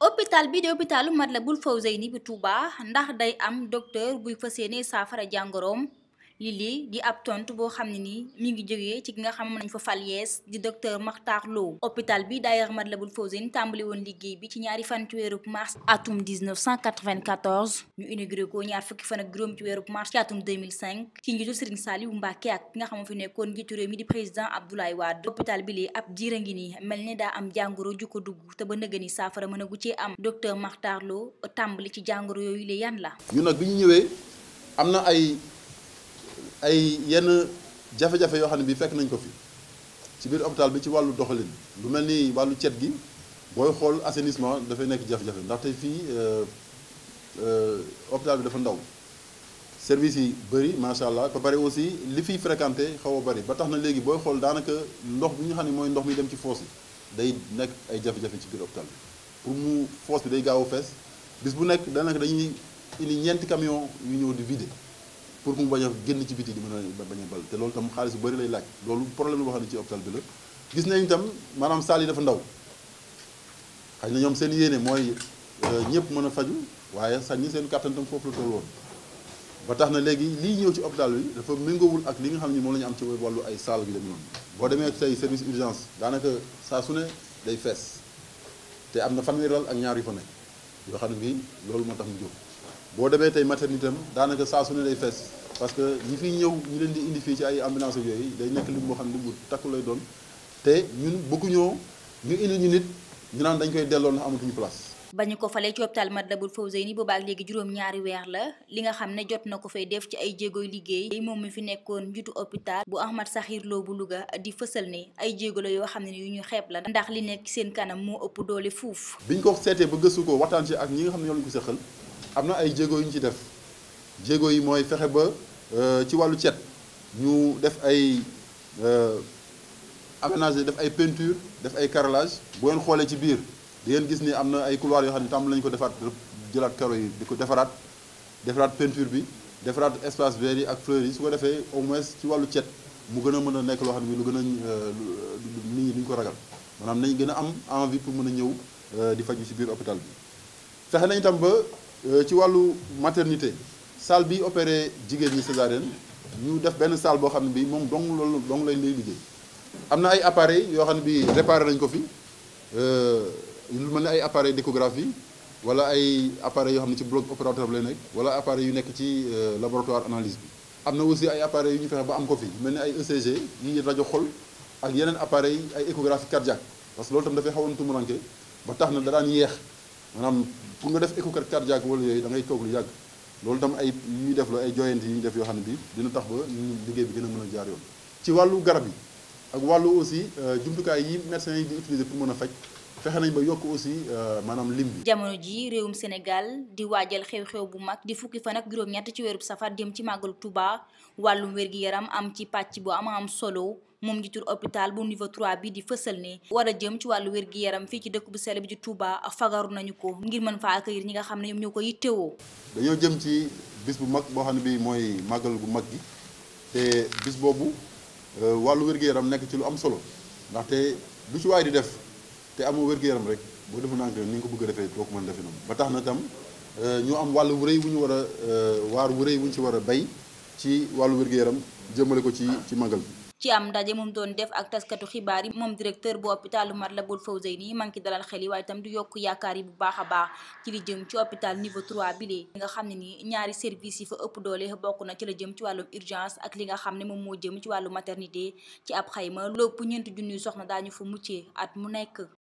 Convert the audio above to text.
hôpital bi di bul Matlaboul ni bi Touba ndax day am docteur buy fas yéene saafara jàngoroom li lii di ab tontu boo xam ne nii mi ngi jógee ci ki nga xam nañ fa fal yees di docteur Makhtar Lo hôpital bi daayira Matlaboul Fawzeyni tàmbali woon liggéey bi ci ñaari fan ci weerub mars atum 1994 ñu inauguré ko ñaar fukki fan ak juróom ci weerub mars ci atum 2005 ci njiitu Serigne Saliou Mbacké ak ki nga xam fi nekkoon njiitu réew mi di président Abdoulaye Wade hôpital bi lii ab diir a ngi nii mel ni daa am jàngoro ju ko dugg te ba nëgë ni saafara mën a gu cee am docteur Makhtar tàmbali ci jàngoro yooyu la yan la. bi ñu ñëwee am na ay yenn jafe-jafe yoo xam ne bii fekk nañ ko fi ci biir hôpital bi ci wàllu doxalin lu mel ni wàllu cet gi booy xool assainissement dafay nekk jafe-jafe ndaxte fii euh, euh, hôpital bi dafa ndaw service yi bëri macha allah ba aussi li fiy fréquenté xaw a bëri ba tax na léegi booy xool daanaka ndox bi nga xam ne mooy ndox mi dem ci foos yi day nekk ay jafe-jafe ci biir hôpital bi pour mu foos bi day gaaw a fees bis bu nekk daanaka dañuy indi ñeenti camion yu ñëw di vider. pour mu bañ a génn ci biti di mën a bañ a bal te loolu tam xaalis bu bëri lay laaj loolu problème boo xam ne ci hôpital bi la gis nañ tam maanaam saal yi dafa ndaw xëy na ñoom seen yéene mooy euh, ñëpp mën a faju waaye sax seen kàttan tam foofu la toll ba tax na léegi lii ñëw ci hôpital bi dafa méngoowul ak li nga xam ni moom lañu ñu am ci wàllu ay saal bi dem noonu boo demee tey service urgence daanaka saa su ne day fees te am na fanweeri lal ak ñaar yu fa nekk yoo xam ne bii loolu moo tax mu jóg boo demee tey maternité am daanaka saa su ne day fees parce que ñi fiy ñëw ñu leen di indi fii ci ay ambulance yooyu day nekk lim xam ne bu doon te ñun bëgguñoo ñu ñu nit ñu naan koy delloo ndax amatuñu place. ba ñu ko falee ci hôpital Matlaboul Fawzeyni boobaak léegi juróom-ñaari weer la li nga xam ne jot na ko fay def ci ay jéegoy liggéey moom mi fi nekkoon njiitu hôpital bu Ahmad Sakhir Lo bu luga di fësal ne ay jéego la yoo xam ne yu ñu xeeb la ndax li nekk seen kanam moo ëpp doole fuuf. biñ ko seetee ba gësu ko waxtaan ci ak ñi nga xam ne ñoo lañ ko seqal am na ay jéego yu ñu ci def jéego yi mooy fexe ba euh, ci wàllu cet ñu def ay euh, aménagé def ay peinture def ay carrelage bu ngeen xoolee ci biir di ngeen gis ni am na ay couloir yoo xam ne tam lañu ko defaat jëlaat karo yi di ko defaraat defaraat peinture bi defaraat espace vert yi ak fleurs yi su ko defee au moins ci wàllu cet mu gën a mën a nekk loo xam ne lu gën a euh, nit ñi duñ ko ragal maanaam nañ gën a am envie pour mën a ñëw di faju ci biir hôpital bi fexe nañ tam ba Euh, ci wàllu maternité salle bi opéré jigéen ñi césarienne ñu def benn salle boo xam ne bi moom dong loolu dong lañ lay liggéey am na ay appareils yoo xam ne bi réparé nañ ko fi euh, lu mel ne ay appareil d'échographie wala ay appareils yoo xam ne ci bloc opératoire bi lay wala appareils yu nekk ci euh, laboratoire analyse bi am na aussi ay appareils yu ñu fexe ba am ko fi mel ne ay ECG yi rajo xol ak yeneen appareils ay échographie cardiaque parce que loolu tam dafay xawoon tumuranke ba tax na da yeex maanaam pour nga def écho cardiaque wala yooyu da ngay toog lu yàgg loolu tam ay ñuy def la ay joyante yi ñu def yoo xam ne bi dina tax ba liggéey bi gën a mën a jaar yoon ci wàllu garab yi ak wàllu aussi euh, jumtukaay yi médecins yi di utiliser pour mën a faj fexe nañ ba yokk aussi euh, maanaam lim bi. jamono ji réewum Sénégal di waajal xew-xew bu mag di fukki fan ak juróom-ñett ci weerub safar jëm ci màggalu Tuubaa wàllum wér yaram am ci pàcc bu am am solo. moom njiitul hôpital bu niveau 3 bi di fësal ne war a jëm ci wàllu wér-gi-yaram fii ci dëkk bu sell bi di Touba fagaru nañu ko ngir mën faa accueillir ñi nga xam ne ñoom ñoo ko yittewoo dañoo jëm ci bis bu mag boo xam ne bii mooy màggal bu mag gi te bis boobu euh, wàllu wér-gi-yaram nekk ci lu am solo ndaxte lu ci waay di def te amoo wér-gi-yaram rek boo defu nank ni nga ko bëgg a defee boo ko mën defe noonu ba tax na tam euh, ñu am wàllu wu rëy wu ñu war a euh, waar wu rëy wu ñu ci war a bay ci wàllu wér yaram jëmale ko ci ci màggal bi ci am ndaje moom doon def ak taskatu xibaar yi moom directeur bu hôpitalu Matlaboul Fawzeyni man ki dalal xel yi waaye itam du yokk yaakaar yi bu baax a baax ci li jëm ci hôpital niveau 3 bi lee nga xam ne ni ñaari service yi fa ëpp doolee bokk na ci la jëm ci wàllum urgence ak li nga xam ne moom moo jëm ci wàllu maternité ci ab xayma lépp ñeenti junniy soxna daañu fa muccee at mu nekk